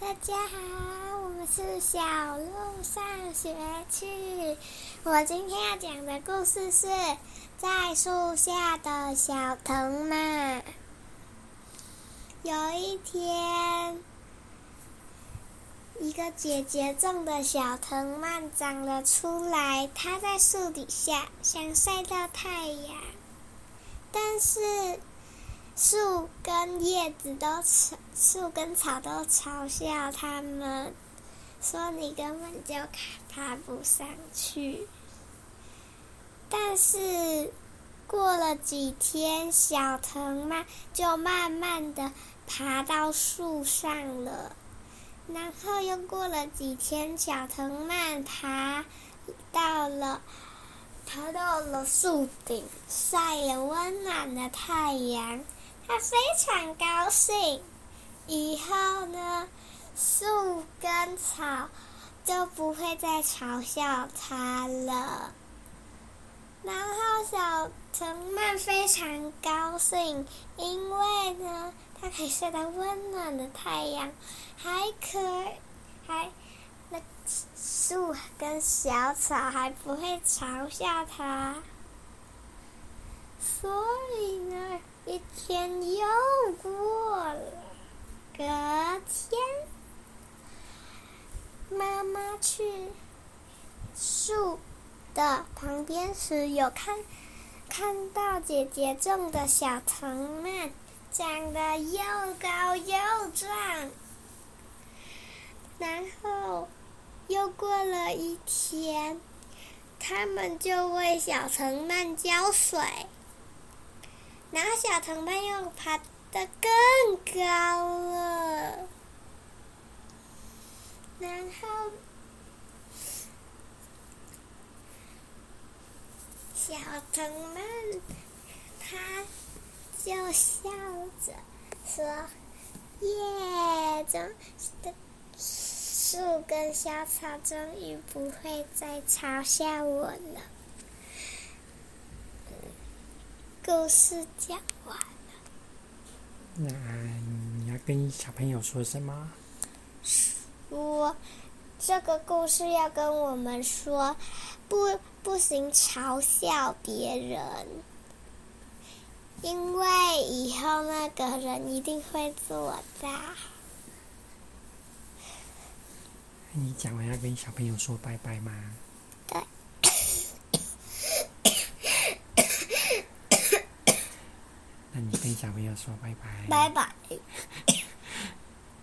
大家好，我們是小鹿上學去。我今天要講的故事是，在樹下的小藤蔓。有一天，一個姐姐種的小藤蔓長了出來，她在樹底下想曬到太陽，但是。樹跟葉子都，樹跟草都嘲笑他們，說你根本就爬不上去。但是，過了幾天，小藤蔓就慢慢的爬到樹上了。然後又過了幾天，小藤蔓爬到了，爬到了樹頂，曬了溫暖的太陽。他非常高興，以後呢，樹跟草就不會再嘲笑他了。然後小藤蔓非常高興，因為呢，它可以曬到溫暖的太陽，還可，還，那樹跟小草還不會嘲笑它。一天又過了，隔天，媽媽去樹的旁邊時，有看看到姐姐種的小藤蔓，長得又高又壯。然後又過了一天，他們就為小藤蔓澆水。然後小藤蔓又爬得更高了。然後小藤蔓它就笑着說：“耶，這樹根小草終於不會再嘲笑我了。”故事講完了，那你要跟小朋友說什麼？說這個故事要跟我們說，不，不行，嘲笑別人，因為以後那個人一定會做的。你講完要跟小朋友說拜拜嗎？小朋友說拜拜。拜拜。